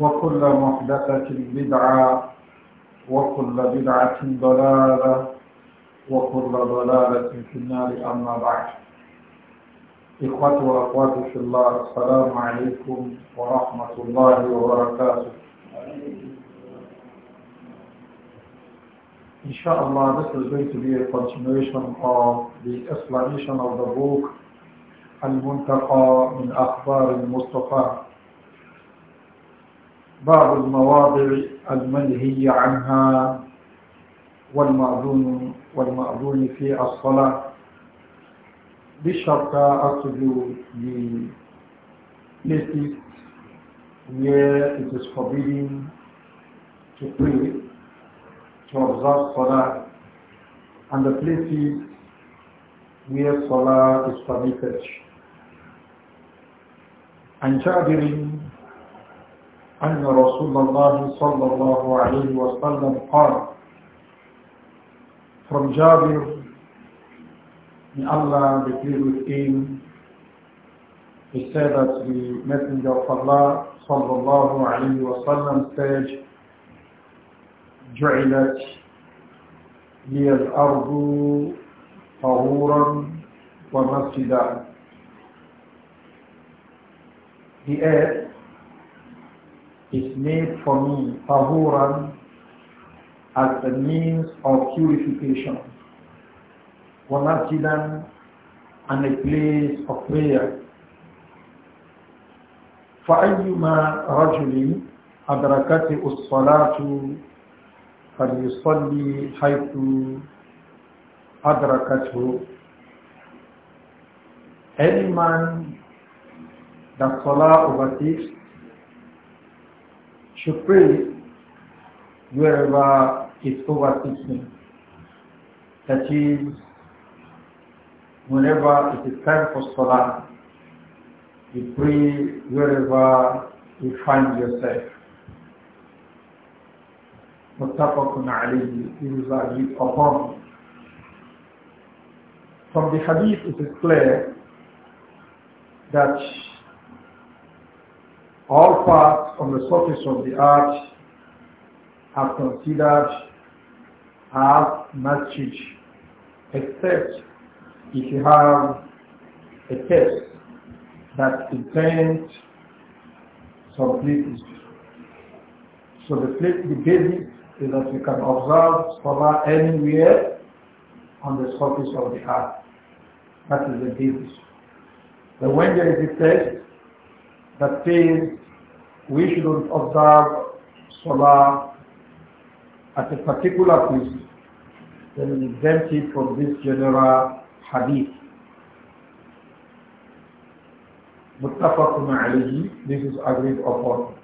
وكل محدثة بدعة وكل بدعة ضلالة وكل ضلالة في النار أما بعد إخوة وأخوات في الله السلام عليكم ورحمة الله وبركاته Inshallah, this is going to be a continuation of the explanation of the book Al-Muntaqa min Akhbar al-Mustafa باب المواضع المنهي عنها والمأذون والمأذون في الصلاة بشرط السجود places where it is forbidden to pray, to observe Salah, and the places where Salah is permitted. And جابر أن رسول الله صلى الله عليه وسلم قال From Jabir, may Allah be pleased with him, he said that the Messenger of Allah صلى الله عليه وسلم said, جعلت لي الأرض طهورا ومسجدا The earth is made for me tahuran as a means of purification. Wanajidan and a place of prayer. فأيما رجل أدركته الصلاة فليصلي حيث أدركته Any man that Salah overtakes to pray wherever it's over 16. That is, whenever it is time for Salah, you pray wherever you find yourself. متفق عليه is upon from the hadith it is clear that all parts on the surface of the earth are considered as masjid, except if you have a test that contains some places. So the, place, the basis is that you can observe solar anywhere on the surface of the earth. That is the basis. But when there is a test that says we should observe Salah at a particular place, then exempt it from this general hadith. Muttafaqun عليه this is agreed upon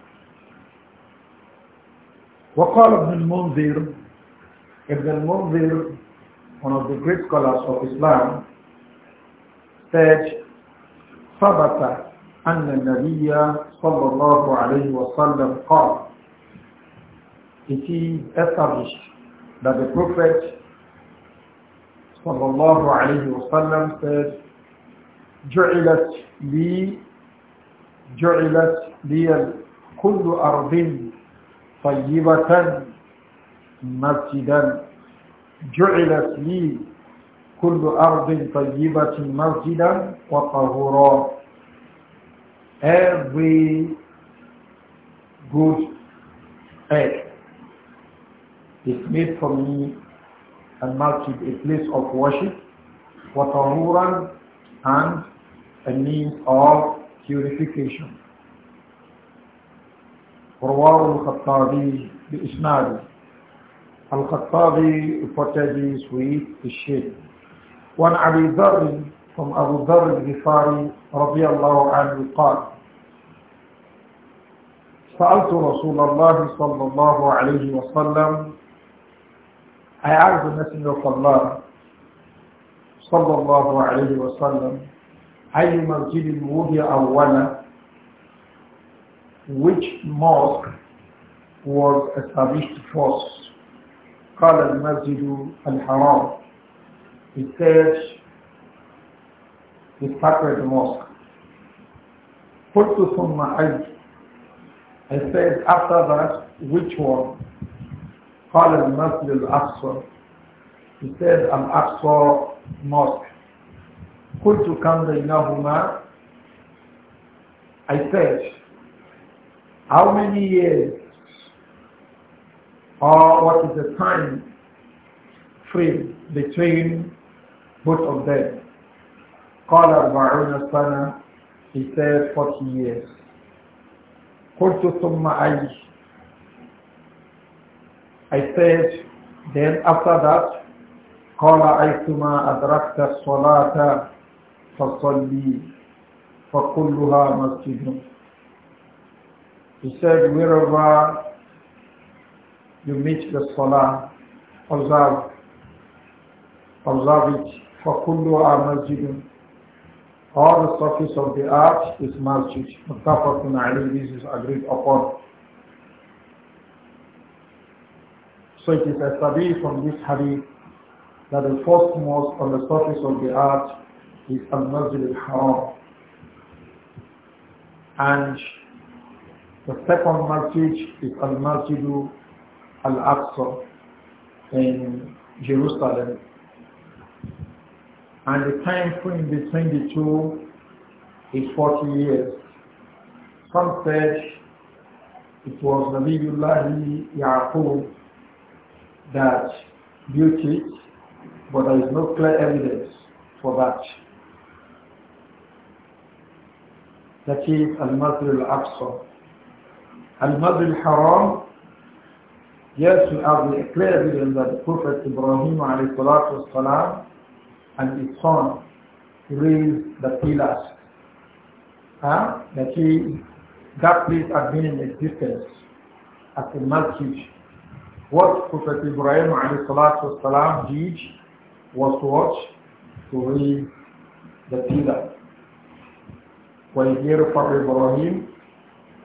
وقال ابن المنذر ابن المنذر one of the great scholars of Islam said ثبت أن النبي صلى الله عليه وسلم قال It is established that the Prophet صلى الله عليه وسلم said جعلت لي جعلت لي كل أرض طيبة مسجدا جعلت لي كل أرض طيبة مسجدا وطهورا every good egg is made for me a masjid, a place of worship, watahuran, and a means of purification. رواه الخطابي بإسناده الخطابي reported this with the shade. وعن أبي ذر from Abu Dharr al رضي الله عنه قال سألت رسول الله صلى الله عليه وسلم I asked the Messenger of Allah صلى الله عليه وسلم أي مسجد وضع أولا which mosque was established first قال المسجد الحرام He said the sacred mosque قلت ثم حج I said after that, which one? Masjid al الأقصى. He said Al-Aqsa Mosque. قلت كم بينهما I said, how many years or what is the time frame between both of them? قال أربعون sana. He said 40 years. قلت ثم أي I said then after that قال أيتما أدركت الصلاة فصلي فكلها مسجد He said wherever you meet the salah observe observe it فكلها مسجد all the surface of the arch is masjid. Muttafaqun alayh, this is agreed upon. So it is established from this hadith that the first mosque on the surface of the arch is Al-Masjid al-Haram. And the second masjid is Al-Masjid al-Aqsa in Jerusalem and the time frame between the two is 40 years. Some said it was Nabiullah Yaqub that built it, but there is no clear evidence for that. That is Al-Madr al-Aqsa. Al-Madr al-Haram, yes, we have the clear evidence that the Prophet Ibrahim was salam and his son raised the pillars. Huh? That he, that place had been in existence as a masjid. What Prophet Ibrahim والسلام, did was to watch to read the pillar. here, وإذ يرفع إبراهيم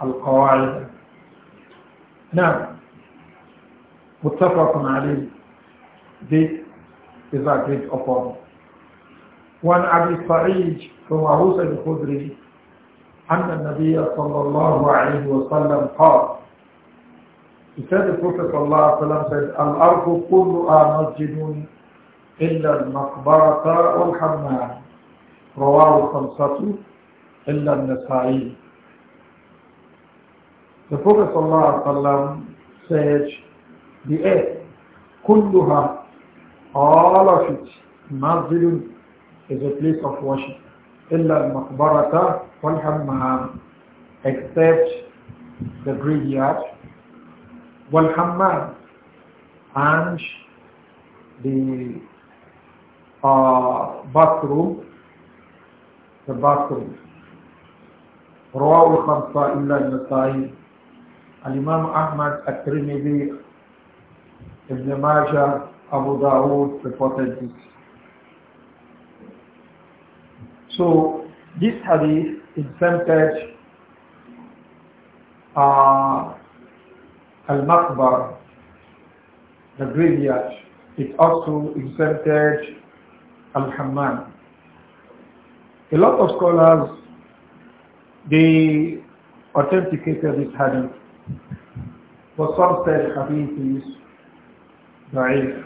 القواعد نعم متفق عليه this is agreed upon وعن أبي سعيد هو عوس الخدري أن النبي صلى الله عليه وسلم قال said the Prophet صلى الله عليه وسلم said الأرض كلها مسجد إلا المقبرة والحمام رواه الخمسة إلا النسائي The Prophet صلى الله عليه وسلم said the earth كلها all of it مسجد is a place of worship. إِلَّا الْمَقْبَرَةَ وَالْحَمَّامِ Except the graveyard, وَالْحَمَّامِ and the uh, bathroom, the bathroom. رواه الخمسة إلا النسائي الإمام أحمد الترمذي ابن ماجه أبو داود reported this so this hadith is centered uh, Al-Maqbar, the graveyard. It also exempted Al-Hammam. A lot of scholars, they authenticated this hadith. But some said hadith is da'if.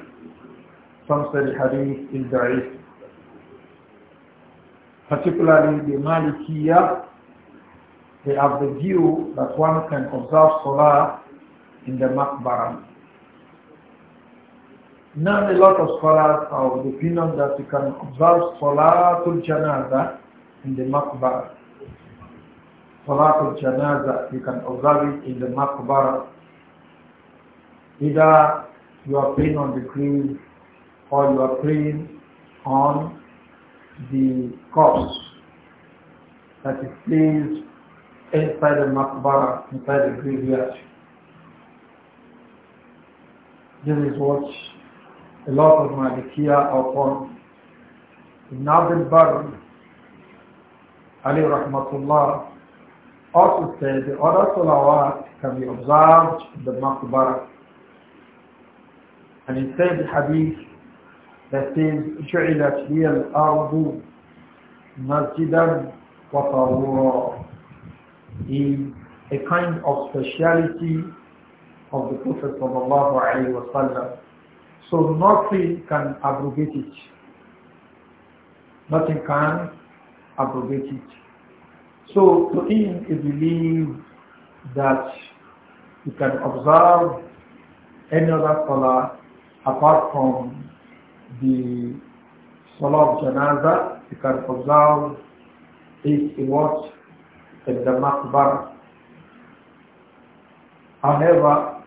Some said hadith is da'if particularly the Malikiya, they have the view that one can observe Salah in the Makbara. Now a lot of scholars are of the opinion that you can observe Salatul Janaza in the Makbara. Salatul Janaza, you can observe it in the Makbara. Either you are praying on the grave or you are praying on the cups that is placed inside the makbara, inside the graveyard. This is what a lot of Malikiya are upon. Ibn Abdul Barr, Ali Rahmatullah, also said the other salawat can be observed in the makbara. And he said the hadith that says جعلت لي الأرض مسجدا وطهورا is a kind of speciality of the Prophet sallallahu alaihi wasallam. So nothing can abrogate it. Nothing can abrogate it. So to him, he believes that you can observe any other color apart from the Salah of Janaza, you can observe it in what? In the Makbar. However,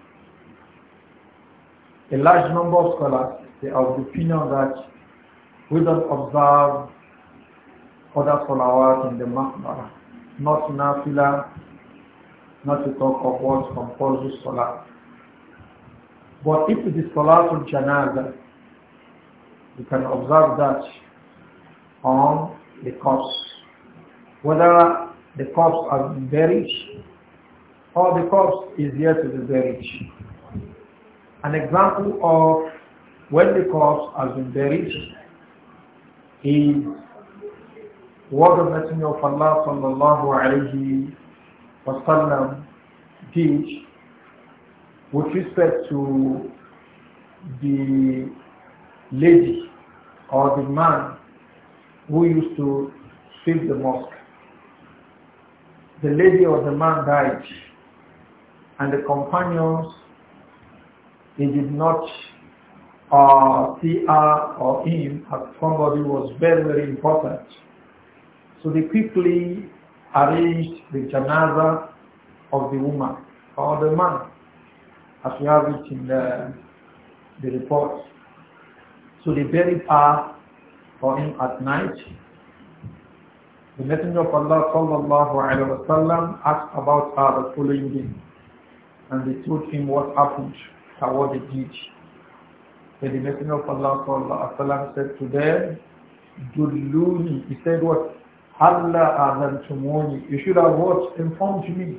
a large number of scholars they are of the opinion that we don't observe other salawat in the Makbara, not nafila, not to talk of what compulsory salah. But if it is of janaza, you can observe that on the corpse. Whether the corpse has been buried or the corpse is yet to be buried. An example of when the corpse has been buried is what the Messenger of Allah sallallahu alayhi wasallam did with respect to the ladies or the man who used to sweep the mosque. The lady or the man died and the companions they did not uh, see her or him as somebody who was very, very important. So they quickly arranged the janaza of the woman or the man as we have it in the, the report. To the very path for him at night. The Messenger of Allah sallallahu alayhi wa sallam asked about her the following day and they told him what happened toward the they Then the Messenger of Allah sallallahu alayhi wa sallam said to them, Dulluni, he said what? Allah azantumuni, you should have watched. Informed me.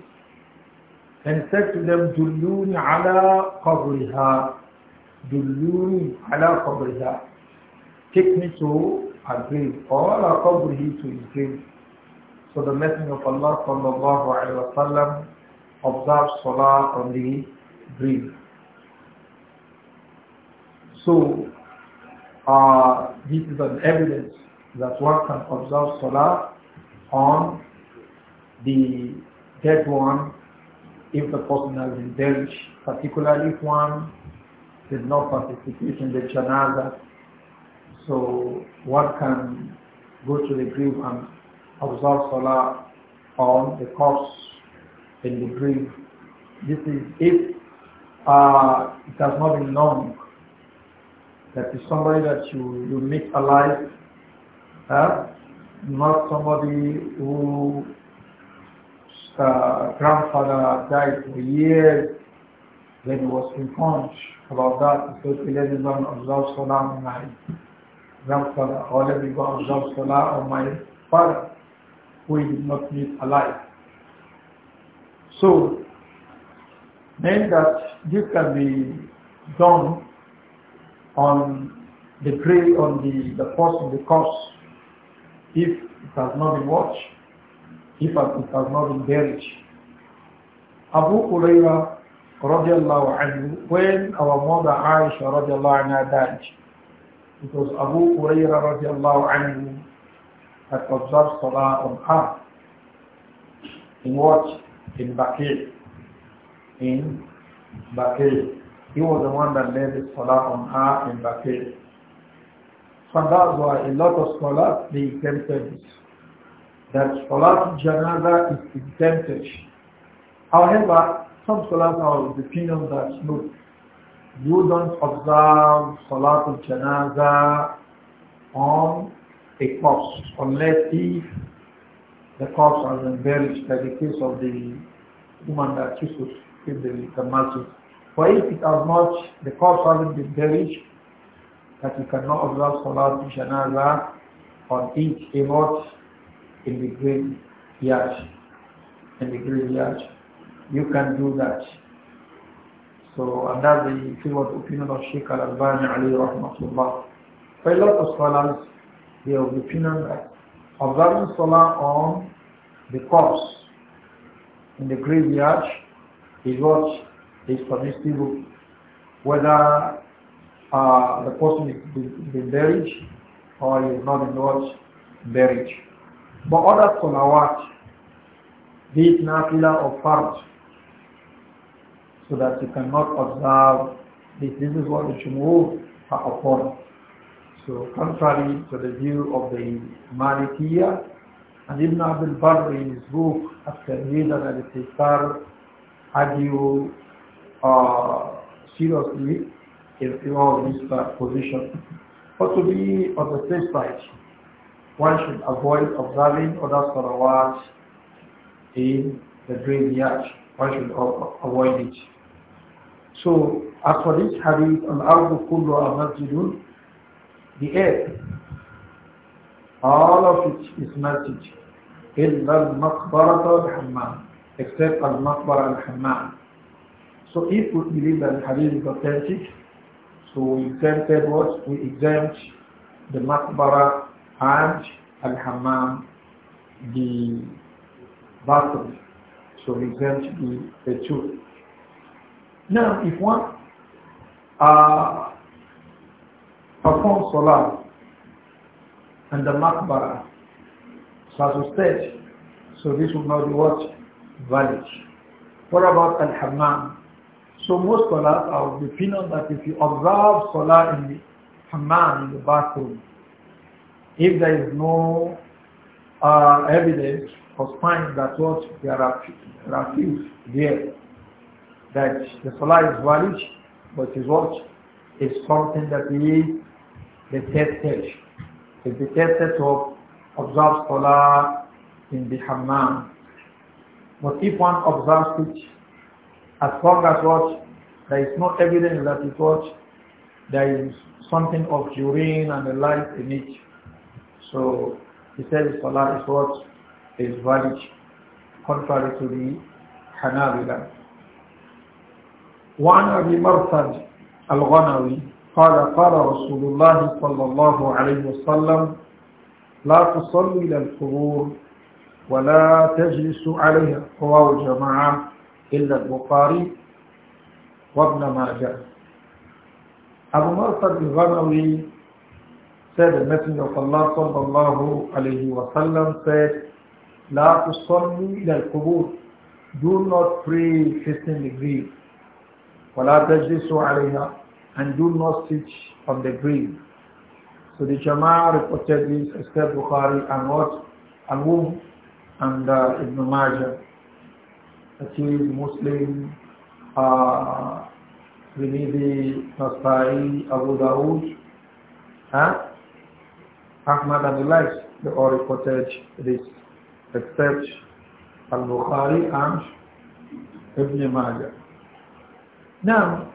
And he said to them, Dulluni ala qabriha, Dulluni ala qabriha. Take me to her grave. Or ala qabrihi to his grave. So the Messenger of Allah sallallahu alayhi wa sallam observed salah on the grave. So uh, this is an evidence that one can observe salah on the dead one if the person has been buried, particularly if one did not participate in the janaza. So one can go to the grave and observe salah on the corpse in the grave. This is if uh, it has not been known that is somebody that you, you meet alive, uh, not somebody who uh, grandfather died for years when he was informed about that because we let everyone observe Salah on my grandfather or let everyone observe Salah on my father who he did not meet alive. So, then that this can be done on the grave, on the, the post person, the corpse, if it has not been watched, if it has not been buried. Abu Huraira radiallahu anhu, when our mother Aisha radiallahu anha died, because Abu Huraira radiallahu anhu had observed Salah on her. In what? In Baqir. In Baqir. He was the one that led the Salah on her in Baqir. So that's why a lot of scholars, they exempted this. That Salat Janada is exempted. However, some scholars are of the opinion that no, you don't observe al Janaza on a corpse unless if the corpse has been buried, like the case of the woman that used to keep the, the masjid. For if it has not, the corpse hasn't been buried, that you cannot observe al Janaza on each a lot in the graveyard. In the graveyard you can do that. So, another that's the opinion of Sheikh al-Albani Ali rahmatullah. For a lot of scholars, they have the opinion that observing Salah on the corpse in the graveyard is what is permissible, whether uh, the person is been buried or is not in what buried. But other salawat, be it nafila or fard, so that you cannot observe this. This is what the Jumhur are upon. So contrary to the view of the Malikiyah, and Ibn Abdul Barr in his book, At-Tahrid al part, argue uh, seriously in all this position. But to be on the safe side, one should avoid observing other salawats in the yard. One should avoid it. So as for this hadith, al-ardu kullu masjidun, the earth, all of it is masjid, illa al-maqbarata al-hammam, except al-maqbara al-hammam. So if we believe that the hadith is authentic, so we exempted what? We exempt the maqbara and al-hammam, the bathroom. So we exempt the, the two. Now, if one uh, performs salah and the makbara, to stage, so this will not be what? Valid. What about al-hammam? So most scholars are of the opinion that if you observe salah in the hammam, in the bathroom, if there is no uh, evidence or sign that what there are, there there, that the salah is valid, but is what? It's something that is the third stage. It's the third stage of observe salah in the hammam. But if one observes it, as long as what, there is no evidence that it what, there is something of urine and the light in it. So he says salah is what is valid, contrary to the Hanabila. وعن أبي مرثد الغنوي قال قال رسول الله صلى الله عليه وسلم لا تصلي إلى القبور ولا تجلس عليها رواه الجماعة إلا البخاري وابن ماجه أبو مرثد الغنوي said the Messenger of Allah sallallahu alayhi said, لا تصلي إلى القبور Do not pray facing the grave. وَلَا تَجْلِسُوا عَلَيْهَا And do not sit on the grave. So the Jama'ah reported this, except Bukhari and what? And whom? And uh, Ibn Majah. That is Muslim, uh, Tirmidhi, Nasai, Abu Dawud, huh? Ahmad and the likes, they all reported this, except Al-Bukhari and Ibn Majah. Now,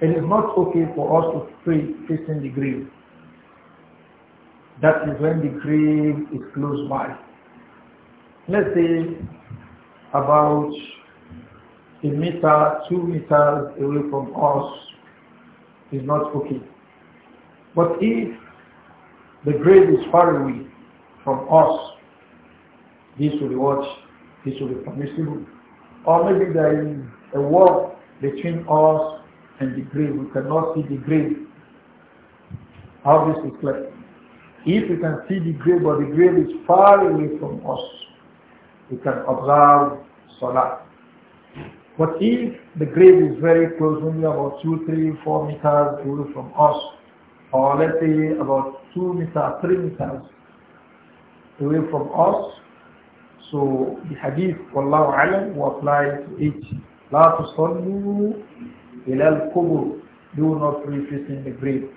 it is not okay for us to pray facing the grave. That is when the grave is close by. Let's say about a meter, two meters away from us is not okay. But if the grave is far away from us, this will be what? This will be permissible. Or maybe there is a wall between us and the grave. We cannot see the grave. How this is like? If we can see the grave, but the grave is far away from us, we can observe Salah. But if the grave is very close, only about 2, 3, 4 meters away from us, or let's say about 2 meters, 3 meters away from us, so the hadith, Wallahu Alam, will apply to each لا تصلوا إلى القبر do not repeat the grave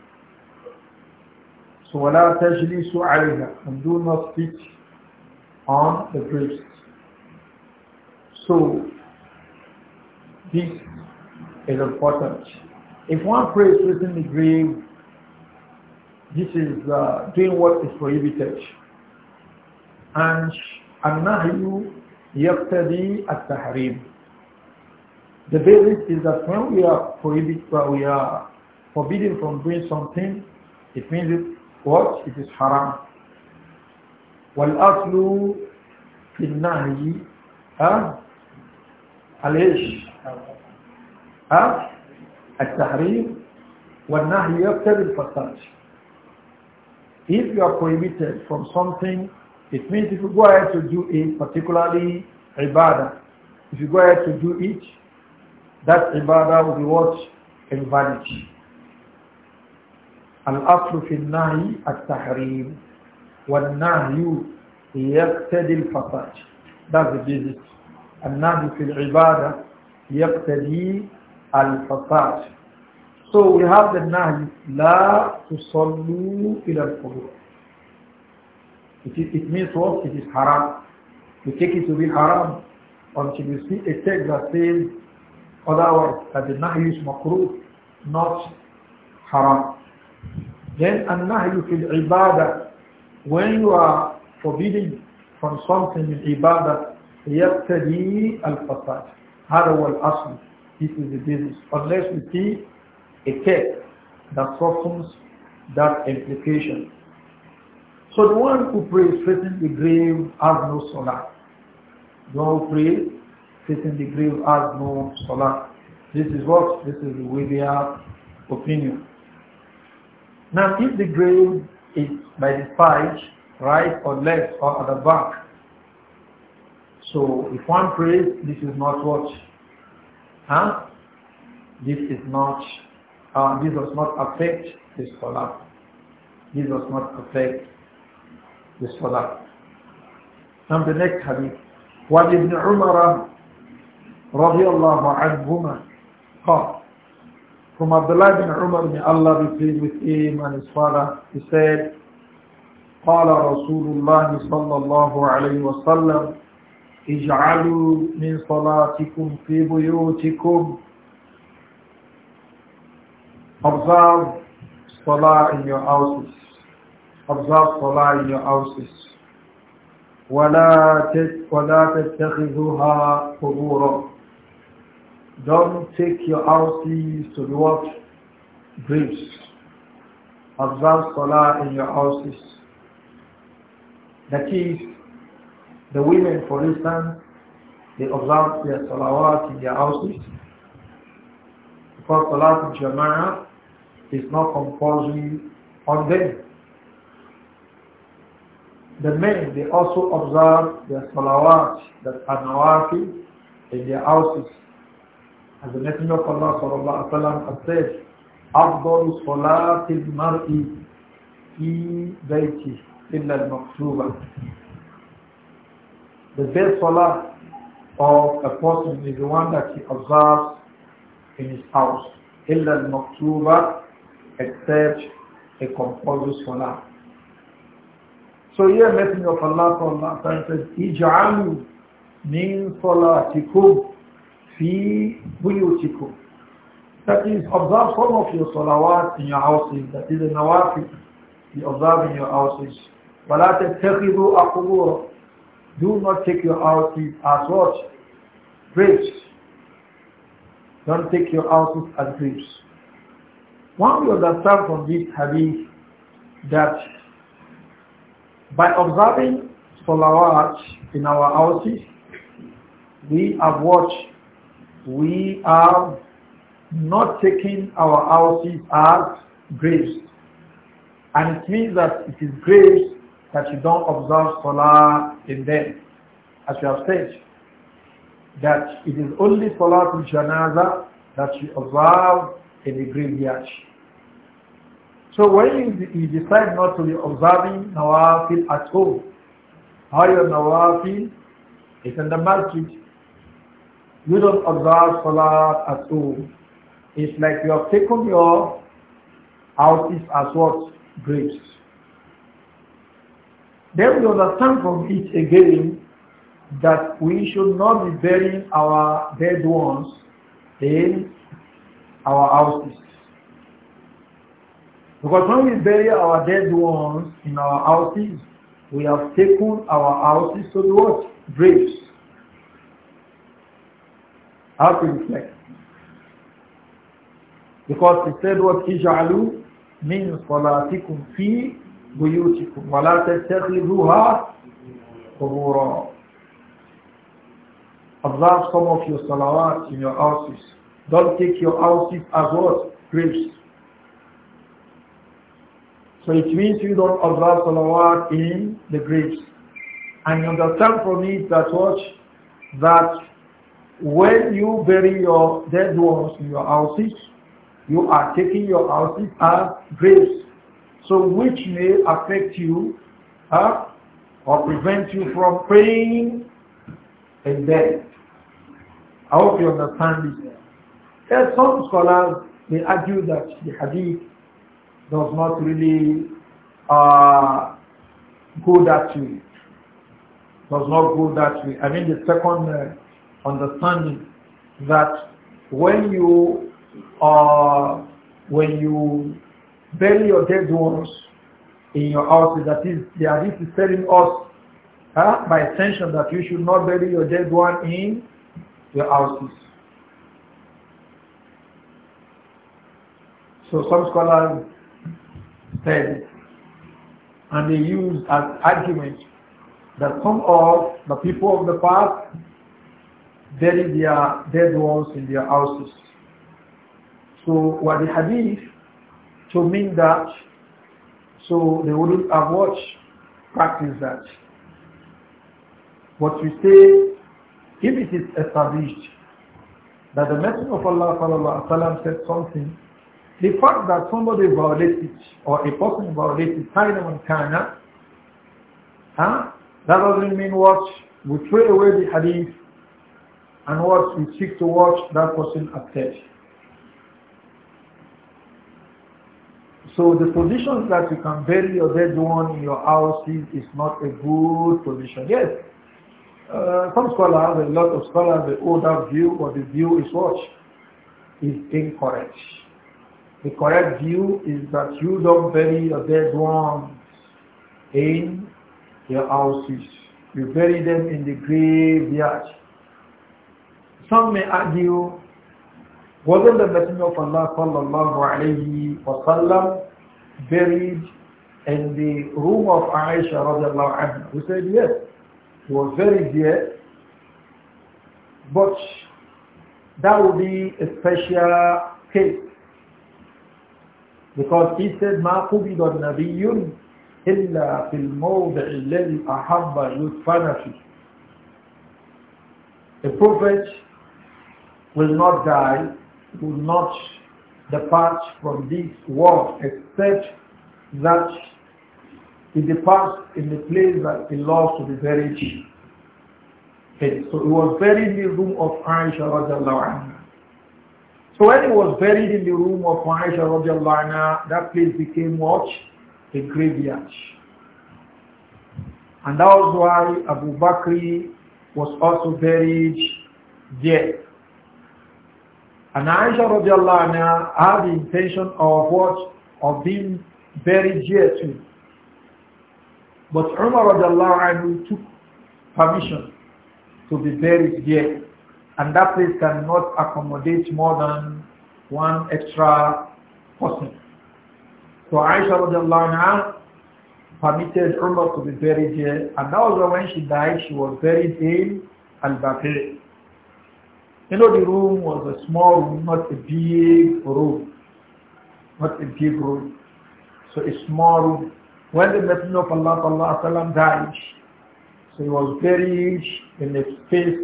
so ولا تجلسوا عليها and do not sit on the graves so this is important if one prays within the grave this is uh, doing what is prohibited and النهي يقتضي التحريم the basis is that when we are prohibited, when we are forbidden from doing something, it means it what? It is haram. والأصل في النهي ها الإيش ها التحريم والنهي يقتضي الفساد if you are prohibited from something, it means if you go ahead to do it, particularly ibadah, if you go ahead to do it, that ibadah will be what? Invalid. الأصل في النهي التحريم والنهي يقتدي الفساد That's the basis. النهي في العبادة يقتدي الفساد So we have the nahi لا تصلوا إلى القبور It, it means what? It is haram. We take it to be haram until we see a text that says Otherwise, that the nahi is makruh, not haram. Then an-nahyu fil ibadah, when you are forbidden from something in ibadah, يبتدي الفساد هذا هو الأصل This is the basis. Unless we see a case that softens that implication. So the one who prays facing the grave has no salah. The one who prays sitting degree has no salah. This is what? This is with your opinion. Now if the grave is by the side, right or left or at the back, so if one prays, this is not what? Huh? This is not, uh, this does not affect the salah. This does not affect the salah. Now the next hadith. وعن ابن عمر رضي الله عنهما قال from Abdullah bin Umar may Allah be pleased with him and his father he said قال رسول الله صلى الله عليه وسلم اجعلوا من صلاتكم في بيوتكم observe salah in your houses observe salah in your houses ولا تتخذوها قبورا Don't take your houses to the what? Graves. Observe Salah in your houses. That is, the women, for instance, they observe their salawat in their houses. Because Salat in Jama'ah is not compulsory on them. The men, they also observe their salawat, that are nawafi, in their houses. As the Messenger of Allah sallallahu alaihi wasallam said, "Afdal salatil mar'i fi bayti illa al-maktuba." The best salah of a person is the one that he observes in his house, illa al-maktuba, except a compulsory salah. So here, Messenger of Allah sallallahu alaihi wasallam says, "Ij'alu min salatikum." fi buyutikum. That is, observe some of your salawat in your houses. That is, a nawafil you observe in your houses. وَلَا تَتَّخِذُوا أَقْبُورًا Do not take your houses as what? Graves. Don't take your houses as graves. One we understand from this hadith that by observing salawat in our houses, we have watched we are not taking our houses as graves. And it means that it is graves that you don't observe Salah in them. As you have said, that it is only Salah to Janaza that you observe in the graveyard. So when you, you decide not to be observing Nawafil at home, how your Nawafil is in the masjid, you don't observe salah at all. It's like you have taken your houses as what? Grapes. Then we understand from it again that we should not be burying our dead ones in our houses. Because when we bury our dead ones in our houses, we have taken our houses to the what? Graves. How to reflect? Because he said what Ijalu means salatikum fi buyutikum wa la tattakhiduha qubura. Observe some of your salawat in your houses. Don't take your houses as what? Graves. So it means you don't observe salawat in the graves. And you understand from it that what? That when you bury your dead ones in your houses, you are taking your houses as graves, so which may affect you uh, or prevent you from praying And death. I hope you understand this. Yes, some scholars they argue that the hadith does not really uh, go that way. Does not go that way. I mean the second uh, understanding that when you are when you bury your dead ones in your house, that is, the hadith is telling us by extension that you should not bury your dead one in your houses. So some scholars said, and they use as argument that some of the people of the past bury their dead ones in their houses. So what the hadith to mean that so they wouldn't have watched practice that. What we say, if it is established that the Messenger of Allah sallallahu said something, the fact that somebody violates it or a person violates it, and kana, huh? that doesn't mean what we throw away the hadith and what we seek to watch that person acted. So the position that you can bury your dead one in your house is, not a good position. Yes, uh, some scholars, a lot of scholars, the older view or the view is what? Is incorrect. The correct view is that you don't bury your dead ones in your houses. You bury them in the graveyard. Some may argue, wasn't the Messenger of Allah sallallahu alayhi wa sallam buried in the room of Aisha radiallahu anha? We said yes, he was buried there, but that would be a special case. Because he said, مَا قُبِضَ النَّبِيٌّ إِلَّا فِي الْمَوْضِعِ الَّذِي أَحَبَّ يُدْفَنَ فِيهِ The Prophet will not die, will not depart from this world except that he departs in the place that he loves to be buried. Okay, so he was buried in the room of Aisha radiallahu anha. So when he was buried in the room of Aisha radiallahu anha, that place became what? A graveyard. And that was why Abu Bakr was also buried there. And Aisha radiallahu anha had the intention of what? Of being buried here too. But Umar radiallahu anhu took permission to be buried here. And that place cannot accommodate more than one extra person. So Aisha radiallahu anha permitted Umar to be buried here. And that was when she died, she was buried in Al-Baqir. You know, the room was a small room, not a big room. Not a big room. So a small room. When the Messenger of Allah sallam, died, so he was buried in a space,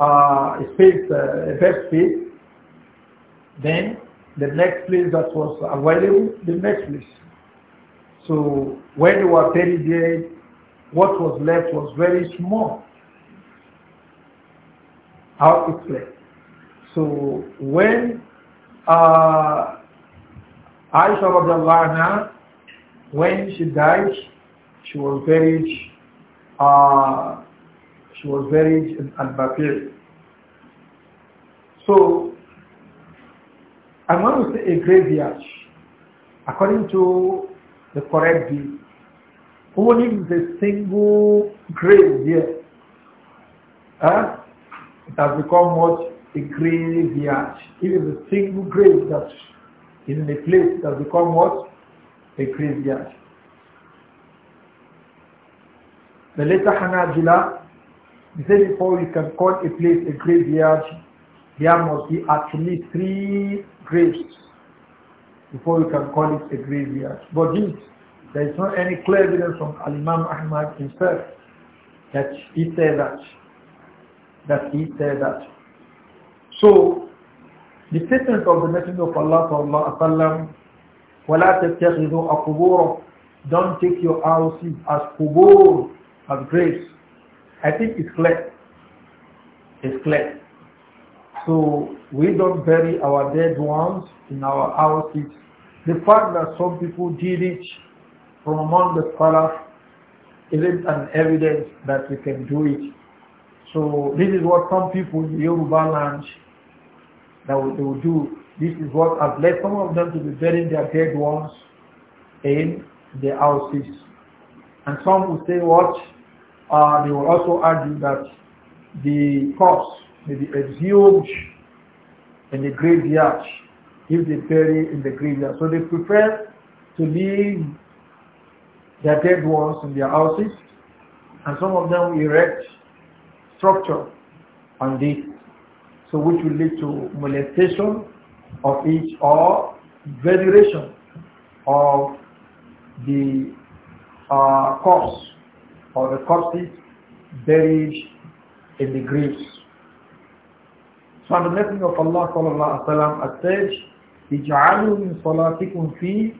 uh, a space, uh, a bed space. Then the next place that was available, the next place. So when they were buried there, what was left was very small how it plays. So when uh, Aisha Radhalana, when she died, she was buried, uh, she was buried in Al-Bakir. So I want to say a graveyard, according to the correct view, only the single grave here. Huh? It has become what? A graveyard. It is a single grave that is in a place that has become what? A graveyard. The later Hanajila, he said before you can call a place a graveyard, there must be at least three graves before you can call it a graveyard. But this, there is not any clear evidence from Al-Imam Ahmad himself that he said that that he said that. So, the statement of the Messenger of Allah sallallahu alaihi wasallam, ولا أَقْبُورًا Don't take your houses as qubur, as graves. I think it's clear. It's clear. So we don't bury our dead ones in our houses. The fact that some people did it from among the scholars isn't an evidence that we can do it. So this is what some people in Yoruba land that will, they will do. This is what has led some of them to be burying their dead ones in their houses. And some will say what? Uh, they will also argue that the corpse may be exhumed in the graveyard if they bury in the graveyard. So they prefer to leave their dead ones in their houses and some of them erect structure on this, so which will lead to molestation of each or degradation of the uh, corpse or the corpses buried in the graves. So the Messenger of Allah sallallahu alaihi wasallam has said, "Ij'alu min salatikum fi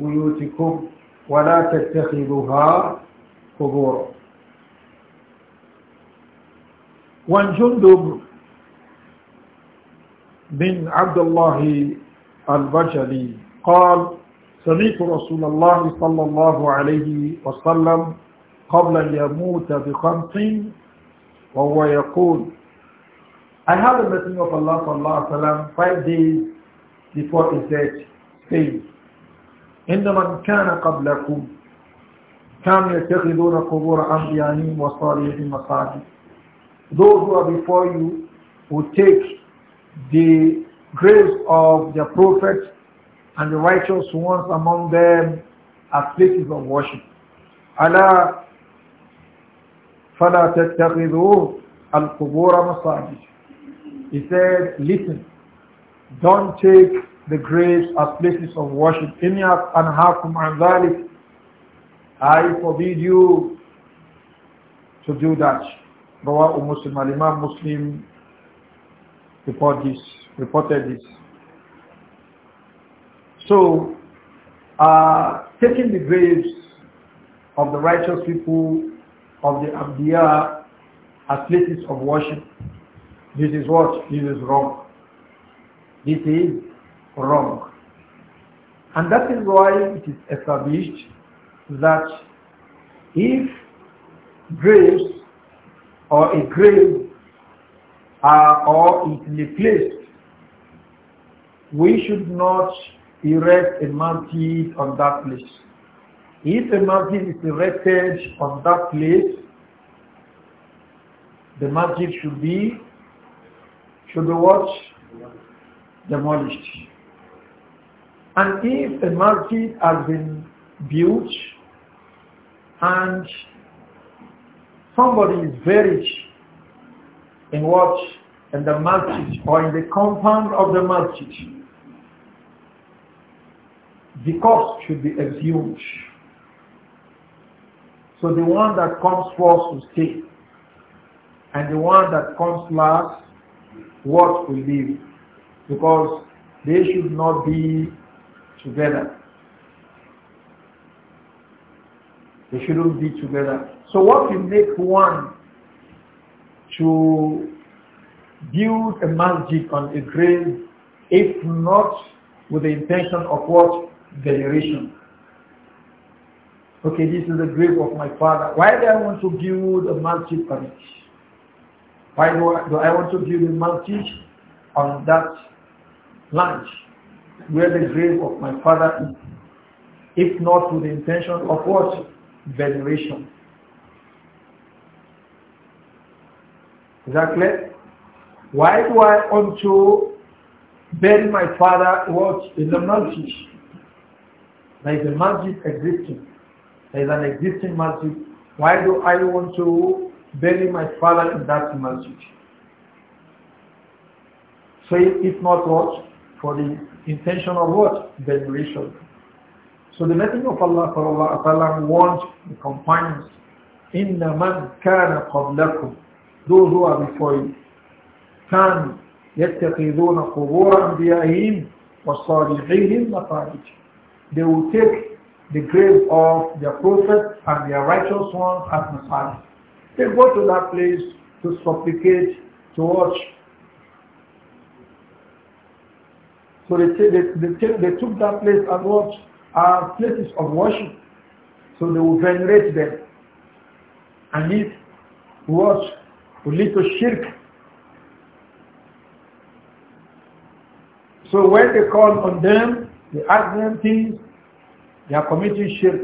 buyutikum wa la tattakhidhuha qubura." وعن جندب بن عبد الله البجلي قال سمعت رسول الله صلى الله عليه وسلم قبل أن يموت بخمس وهو يقول I have a meeting of Allah صلى الله عليه وسلم five days before his death saying إن من كان قبلكم كان يتخذون قبور أنبيائهم وصالحهم مصادق those who are before you who take the graves of their prophets and the righteous ones among them as places of worship. Allah فَلَا تَتَّخِذُوا الْقُبُورَ مَصَاجِدِ He said, listen, don't take the graves as places of worship. إِنِّي أَنْهَاكُمْ عَنْ ذَلِكَ I forbid you to do that. Rawahu Muslim, Al-Imam Muslim report this, reported this. So, uh, taking the graves of the righteous people of the Abdiya as places of worship, this is what? This is wrong. This is wrong. And that is why it is established that if graves or a grave uh, or it is placed, we should not erect a masjid on that place. If a masjid is erected on that place, the masjid should be should be what? Demolished. And if a masjid has been built and somebody is buried in what? In the masjid or in the compound of the masjid, the cost should be exhumed. So the one that comes first will stay, and the one that comes last, what will leave, because they should not be together. They shouldn't be together. So what you make one to build a masjid on a grave if not with the intention of what? Veneration. Okay, this is the grave of my father. Why do I want to build a masjid on it? Why do I, do I want to build a masjid on that land where the grave of my father is? If not with the intention of what? veneration. Exactly. Why do I want to bury my father What is in the There is a magic existing. There is an existing magic. Why do I want to bury my father in that magic? So it's not what? For the intention of what? Veneration. So the Messenger of Allah وسلم, warned the companions, Inna man kana قَبْلَكُمْ Those who are before you, كانوا يتخذون قبور أنبيائهم وصالحيهم مفارج They will take the grave of their prophets and their righteous ones as Messiah. They go to that place to supplicate, to watch. So they, they, they, they took that place and watched are places of worship. So they will venerate them. And this what will lead shirk. So when they call on them, they ask them things, they are committing shirk.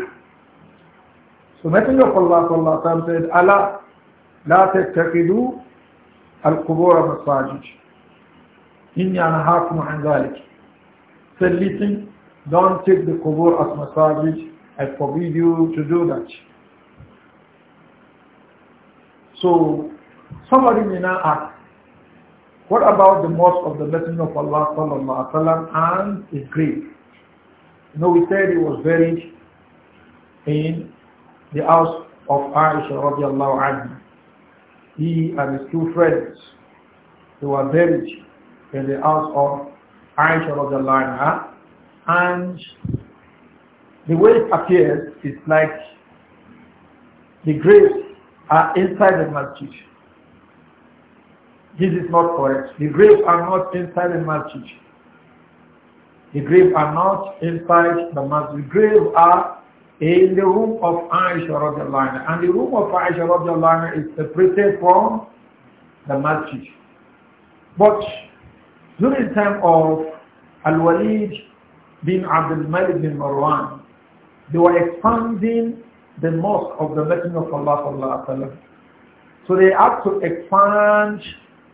So Messenger of Allah sallallahu said, Allah, لا تتخذوا القبور مساجد. إني أنهاكم عن ذلك. Said, listen, don't take the kubur as masajid. I forbid you to do that. So somebody may now ask, what about the mosque of the Messenger of Allah sallallahu alaihi and his grave? You know, we said he was buried in the house of Aisha radiallahu anhu. He and his two friends, they were buried in the house of Aisha radiallahu anha. And the way it appears is like the graves are inside the masjid. This is not correct. The graves are not inside the masjid. The graves are not inside the masjid. The graves are in the room of Aisha radiallahu And the room of Aisha radiallahu is separated from the masjid. But during the time of Al-Walid bin Abdul Malik bin Marwan. They were expanding the mosque of the Messenger of Allah So they had to expand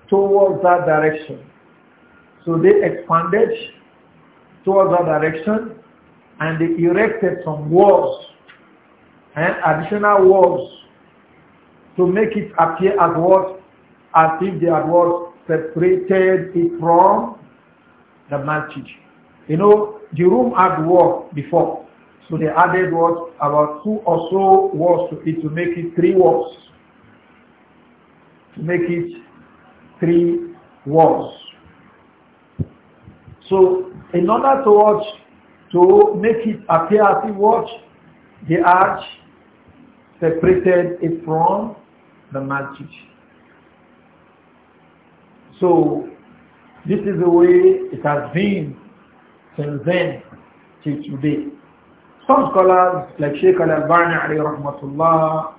towards that direction. So they expanded towards that direction and they erected some walls and eh, additional walls to make it appear as what as if they had separated it from the masjid. You know, the room had walls before. So they added what? About two or so walls to it to make it three walls. To make it three walls. So in order to watch, to make it appear as a watch, the arch separated it from the magic. So this is the way it has been and then till today. Some scholars like Sheikh Al-Albani al rahmatullah,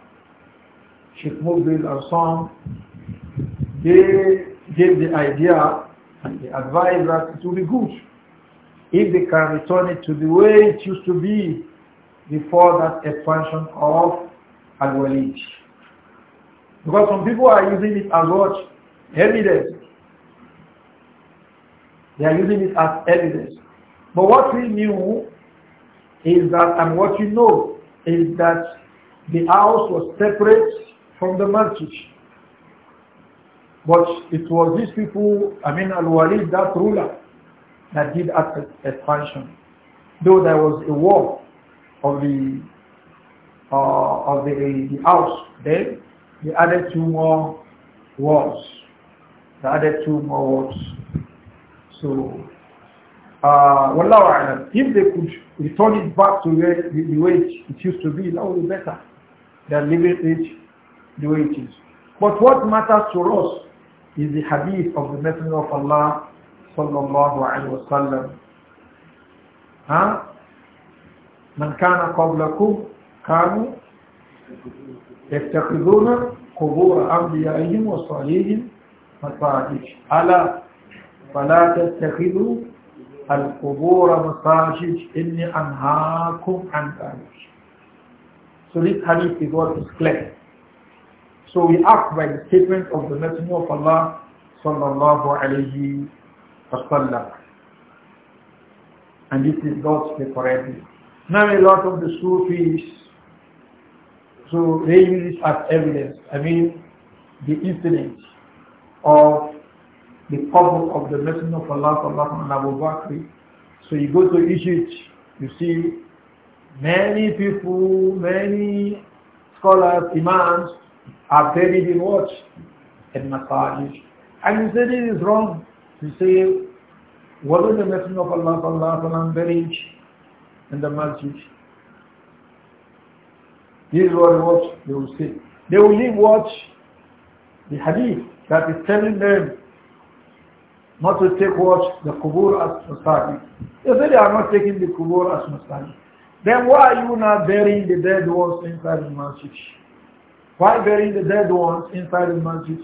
Sheikh Mubil al some, they gave the idea and they advise that it will be good if they can return it to the way it used to be before that expansion of Al-Walid. Because some people are using it as what? Evidence. They are using it as evidence. But what we knew is that, and what you know, is that the house was separate from the masjid. But it was these people, I mean Al-Walid, that ruler, that did expansion. Though there was a wall of the uh, of the, the house then, they added two more walls. They added two more walls. So uh, Wallahu if they could return it back to where, the, the way it used to be, that would be better than leaving it the way it is. But what matters to us is the hadith of the Messenger of Allah sallallahu alayhi wa sallam. Huh? من كان قبلكم كانوا يتخذون قبور أنبيائهم وصالحهم مساجد ألا فلا تتخذوا Al-Qubura Masajid Inni Anhaakum Anbalik. So this hadith is what is clear. So we act by the statement of the Messenger of Allah Sallallahu Alaihi Wasallam. And this is God's authority. Now a lot of the Sufis, so they use this as evidence. I mean, the incident of the cover of the Messenger of Allah Allah and Abu Bakr. So you go to Egypt, you see many people, many scholars, imams are buried in what? In masajid. And you say this is wrong. You say, what the Messenger of Allah Allah alaihi wasallam buried in the masjid? This is what, what they will see. They will leave watch The hadith that is telling them not to take what? The kubur as masajid. They say they are not taking the kubur as masajid. Then why are you not burying the dead ones inside the masjid? Why burying the dead ones inside the masjid?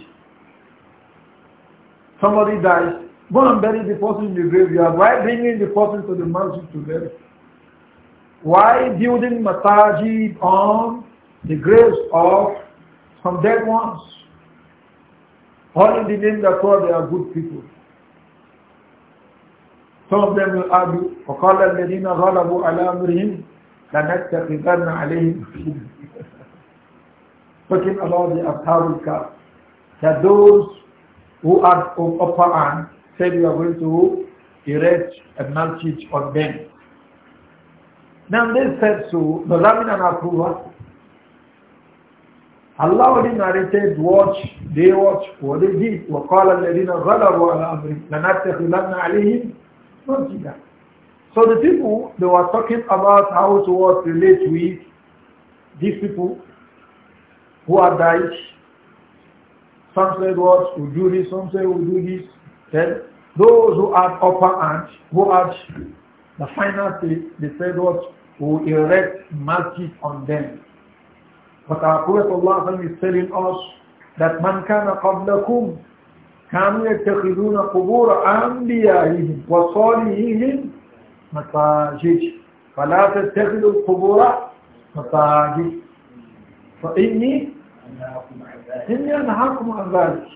Somebody dies, go and bury the person in the graveyard. Why bringing the person to the masjid to bury? Why building masajid on the graves of some dead ones? All in the name that all they are good people. Some of them will argue, وَقَالَ الَّذِينَ غَلَبُوا عَلَى أَمْرِهِمْ لَنَتَّخِذَنَّ عَلَيْهِمْ Talking about the Ashabul that those who are of upper hand said we are going to erect a masjid on them. Now they said so, the Ramin and Akruva, Allah already narrated what they watch what they did. وَقَالَ الَّذِينَ غَلَبُوا عَلَى أَمْرِهِمْ لَنَتَّخِذَنَّ عَلَيْهِمْ not Jida. So the people, they were talking about how to what relate with these people who are Daesh. Some said what, we do this, some say we do this. Then those who are upper hand, who are the final say, they said what, we erect masjid on them. But our Prophet Allah is telling us that man kana qablakum كانوا يتخذون قبور أنبيائهم وصالحيهم مساجد فلا تتخذوا القبور مساجد فإني إني أنهاكم عن ذلك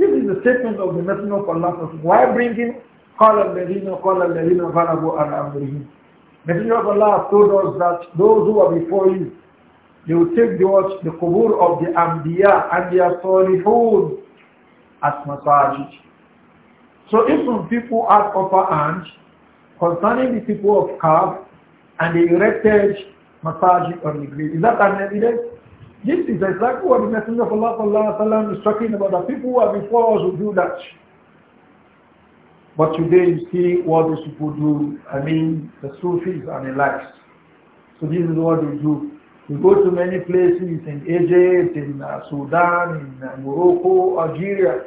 This is the statement of the Messenger of Allah. Why bring him? قال الذين قال الذين غلبوا عن أمرهم. Messenger of Allah told us that those who are before you, they will take the, the kubur of the Anbiya and their salihun As masajid. So if some people had upper hand concerning the people of Kaf and they erected masajid on the grave, is that an evidence? This is exactly what the Messenger of Allah sallallahu sallam, is talking about, the people who are before us who do that. But today you see what these people do, I mean the Sufis and the likes. So this is what they do. We go to many places in Egypt, in uh, Sudan, in uh, Morocco, Algeria.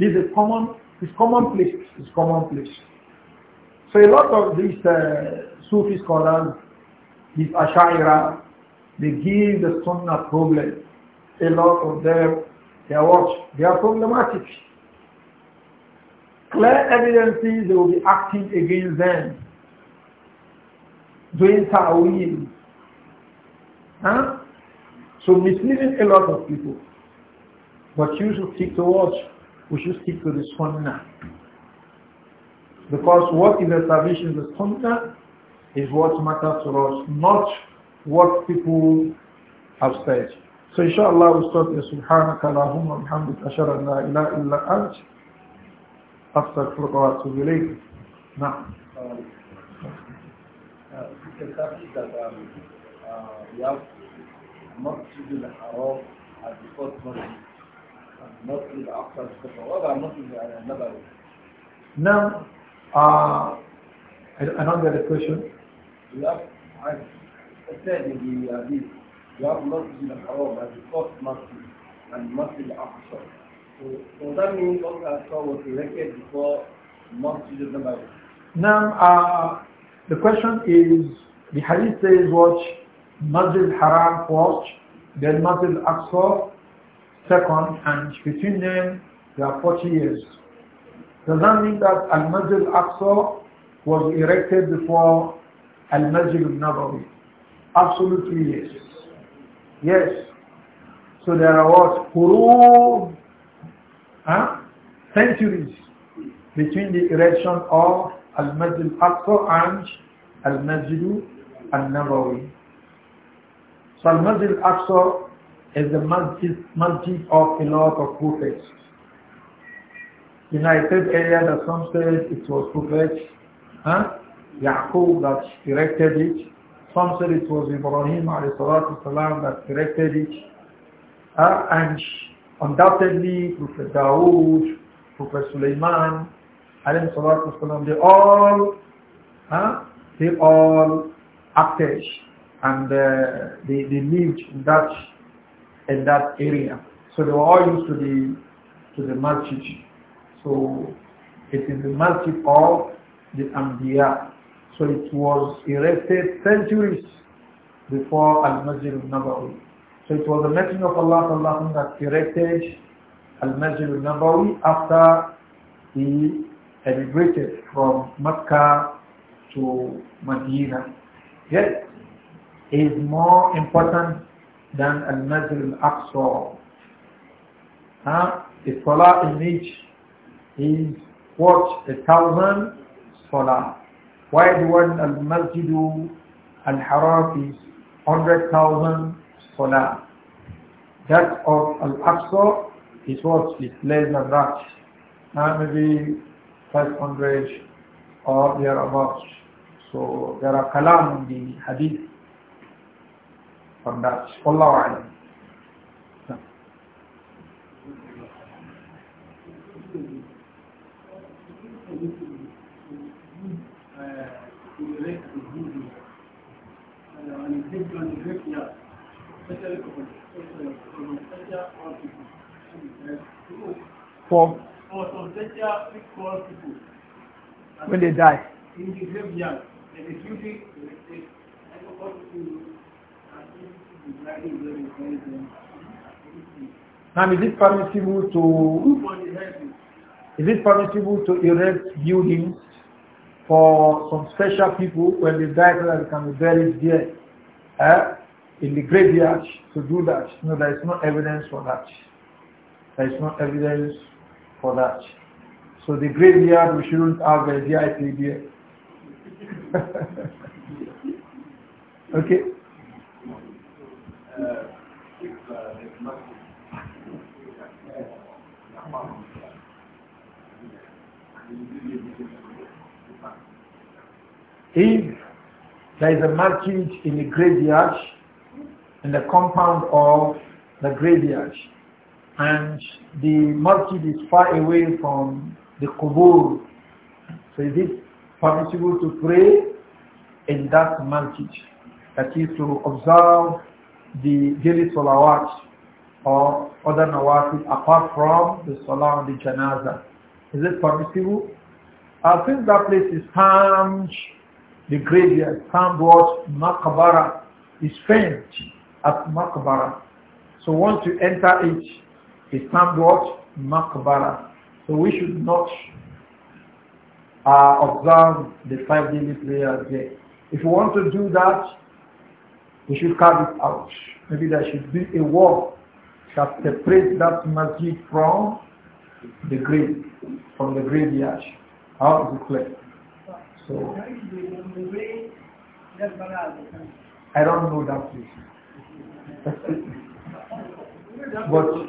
This is common, it's commonplace, it's commonplace. So a lot of these uh, Sufi scholars, these Ashaira, they give the Sunnah problem. A lot of them, they are They are problematic. Clear evidences, they will be acting against them doing ta'wil. Huh? So misleading a lot of people. But you should stick to what? We should stick to the sunnah. Because what is establishing the sunnah is what matters to us, not what people have said. So inshallah we start with سبحانك اللهم وبحمدك أشهد أن لا إله إلا أنت أستغفرك وأتوب إليك. نعم established that um, uh, we have Masjid the haram as the first Masjid, and Masjid al-Aqsa as the first What about Masjid al-Nabawi? Now, uh, I, I don't get the question. We have, I said in the Hadith, we have as the first Masjid, and Masjid the aqsa So, so that means the Aqsa was rejected before Masjid nabawi Now, uh, the question is, the hadith says what? Masjid Haram first, then Masjid Aqsa second, and between them there are 40 years. Does that mean that Al-Masjid Aqsa was erected before Al-Masjid Nabawi? Absolutely yes. Yes. So there are what? Qurub, huh? centuries between the erection of Al-Masjid Aqsa and Al-Masjid al-Nabawi. So Al-Masjid is the masjid, masjid of a lot of prophets. United area that some said it was prophet huh? Yaqub that erected it. Some said it was Ibrahim والسلام, that erected it. Uh, and undoubtedly Prophet Dawood, Prophet Sulaiman, والسلام, they all huh? they all acted and uh, they, they lived in that, in that area. So they were all used to the, to the masjid. So it is the masjid of the Ambiya. So it was erected centuries before Al-Masjid al-Nabawi. So it was the Messenger of Allah that erected Al-Masjid al-Nabawi after he emigrated from Mecca to Medina yes, is more important than Al-Masjid Al-Aqsa. Huh? The Salah in which is worth A thousand Salah. Why the one Al-Masjid Al-Haram is 100,000 Salah. That of Al-Aqsa is worth is less than that. Uh, maybe 500 or thereabouts. So there are kalam in the hadith from that. Allah alam. For when they die. In the graveyard and it's usually to uh, now, um, is it permissible to is it permissible to erect buildings for some special people when they die so that they can be buried there eh? in the graveyard to do that? No, there is no evidence for that. There is no evidence for that. So the graveyard we shouldn't have a VIP there. okay. If there is a market in the graveyard, in the compound of the graveyard, and the market is far away from the kubur, so is it permissible to pray in that masjid. That is to observe the daily salawat or other nawafil apart from the salah and the janaza. Is it permissible? Uh, since that place is Tamj, the graveyard, Tamj was Makabara, is famed at Makabara. So once you enter it, it's Tamj was Makabara. So we should not uh, observe the five daily prayers there. If you want to do that, you should carve it out. Maybe there should be a wall that separates that masjid from the grave, from the graveyard. How is it clear? So, I don't know that place. but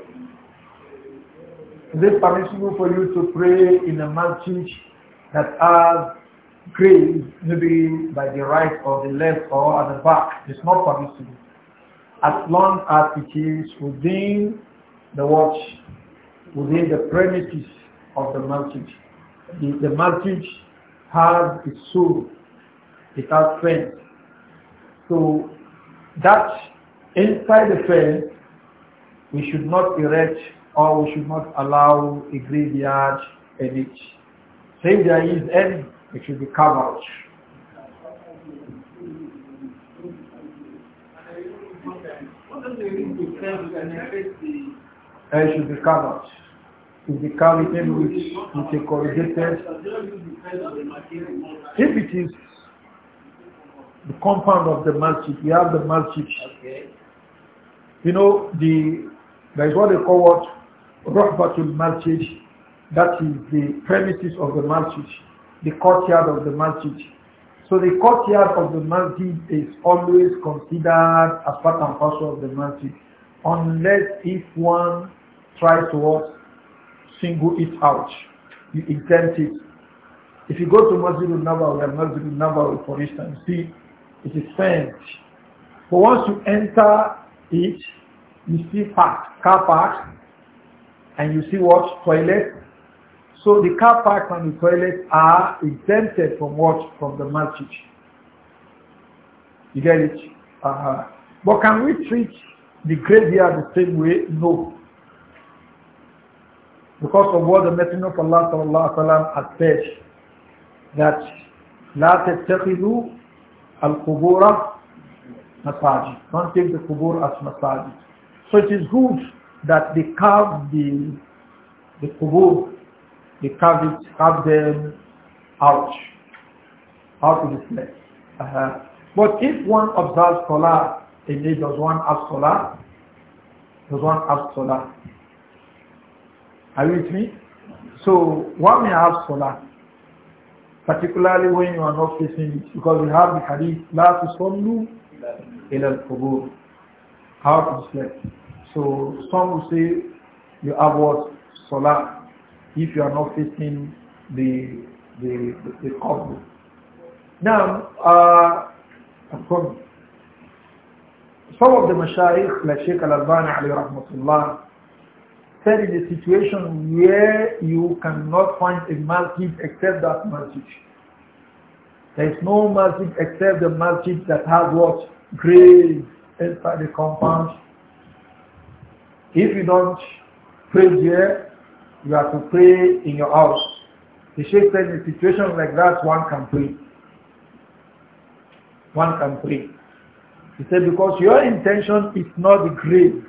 Is it permissible for you to pray in a masjid that has graves, maybe by the right or the left or at the back? It's not permissible. As long as it is within the watch, within the premises of the masjid. The, the masjid has its soul, it has strength. So that inside the fence, we should not erect or we should not allow a graveyard in it. So if there is any, it should be covered. It should be covered. It be covered with, with a corrugated. If it is the compound of the masjid, we have the masjid. Okay. You know, the there is what they call what Rahbatul Masjid, that is the premises of the masjid, the courtyard of the masjid. So the courtyard of the masjid is always considered as part and parcel of the masjid, unless if one tries to single it out, you exempt it. If you go to Masjid al-Nabawi and Masjid al-Nabawi, for instance, see, it is fenced. But once you enter it, you see part, car park, and you see what? Toilet. So the car park and the toilet are exempted from what? From the masjid. You get it? Uh -huh. But can we treat the graveyard the same way? No. Because of what the Messenger of Allah sallallahu alaihi has said that لا تتخذوا القبور مساجد. Don't take the kubur as masajid. So it is good that they carve the the kubur, they carve it, carve them out, out of the flesh. Uh -huh. But if one observes Salah, and does one have Salah? Does one have Salah? Are you with me? So one may have Salah, particularly when you are not facing it, because we have the hadith, لا in al kubur, out of the flesh. So some will say you have what? Salah. If you are not facing the the the, the Now, uh, some of the mashayikh, like Sheikh Al-Albani alayhi rahmatullah, said in a situation where you cannot find a masjid except that masjid. There is no masjid except the masjid that has what? grave inside the compound if you don't pray here, you have to pray in your house. He said in a situation like that, one can pray. One can pray. He said, because your intention is not the grave.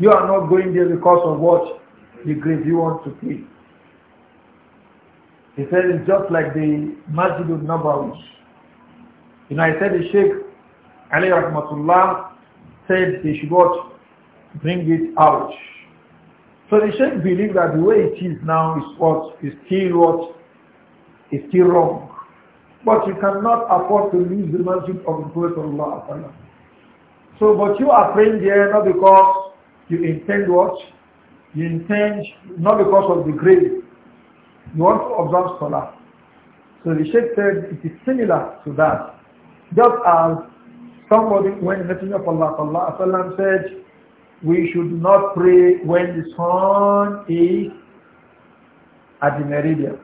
You are not going there because of what? The grave you want to pray. He said, it's just like the Masjid al-Nabawi. You know, I said the Sheikh, Ali rahmatullah, said they should watch bring it out. So the Sheikh believe that the way it is now is what is still what is still wrong. But you cannot afford to lose the mercy of the Prophet Allah. So but you are praying there not because you intend what? You intend not because of the grave. You want to observe Salah. So the Sheikh said it is similar to that. Just as somebody when the Messenger of Allah sallam, said we should not pray when the sun is at the meridian,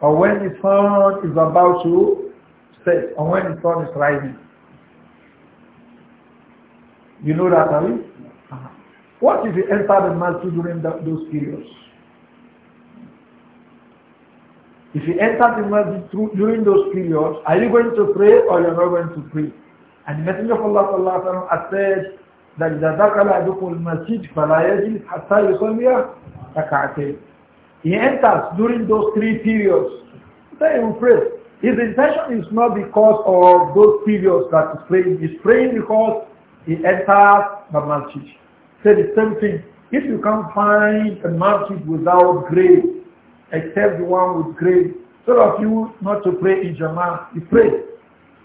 or when the sun is about to set, or when the sun is rising. You know that, Ali? Uh -huh. What if you enter the masjid during those periods? If you enter the masjid through, during those periods, are you going to pray or you're not going to pray? And the Messenger of Allah, Allah has said, dàgbà dákàlà àdúkù masjid fàlàyéjì àtà ìsọ́míà takàtẹ́ he enters during those three periods then he will pray his intention is not because of those periods that he's praying he's praying because he enters the masjid say the same thing if you can't find a masjid without grave except the one with grave so that you not to pray in Jama'ah, you pray.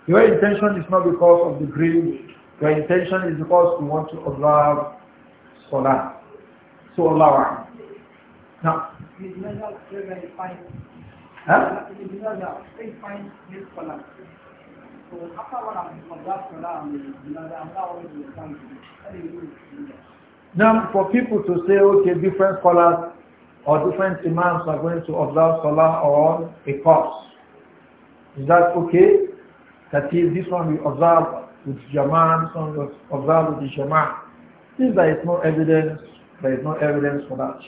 Your intention is not because of the grave Your intention is because you want to observe Salah. So Allah. Now. Huh? now, for people to say, okay, different scholars or different imams are going to observe Salah on a course. Is that okay? That is, this one we observe with Jama'ah, some observe with the Jama'ah. Since there is no evidence, there is no evidence for that.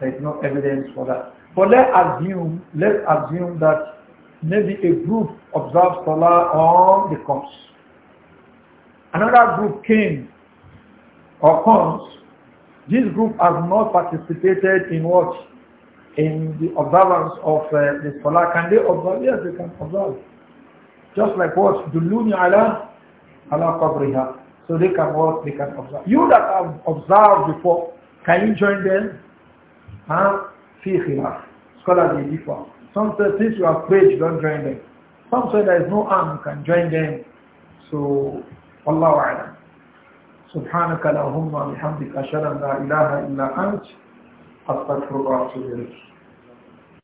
There is no evidence for that. But let's assume, let's assume that maybe a group observed Salah on the comes. Another group came or comes. This group has not participated in what? In the observance of uh, the Salah. Can they observe? Yes, they can observe. Just like what? Duluni ala Allah qabriha. So they can work, they can observe. You that have observed before, can you join them? Huh? Fi khilaf. Scholars they differ. Some say since you have prayed, you don't join them. Some say there is no harm, you can join them. So, Allahu A'lam. سبحانك اللهم وبحمدك اشهد ان لا اله الا انت استغفرك واتوب اليك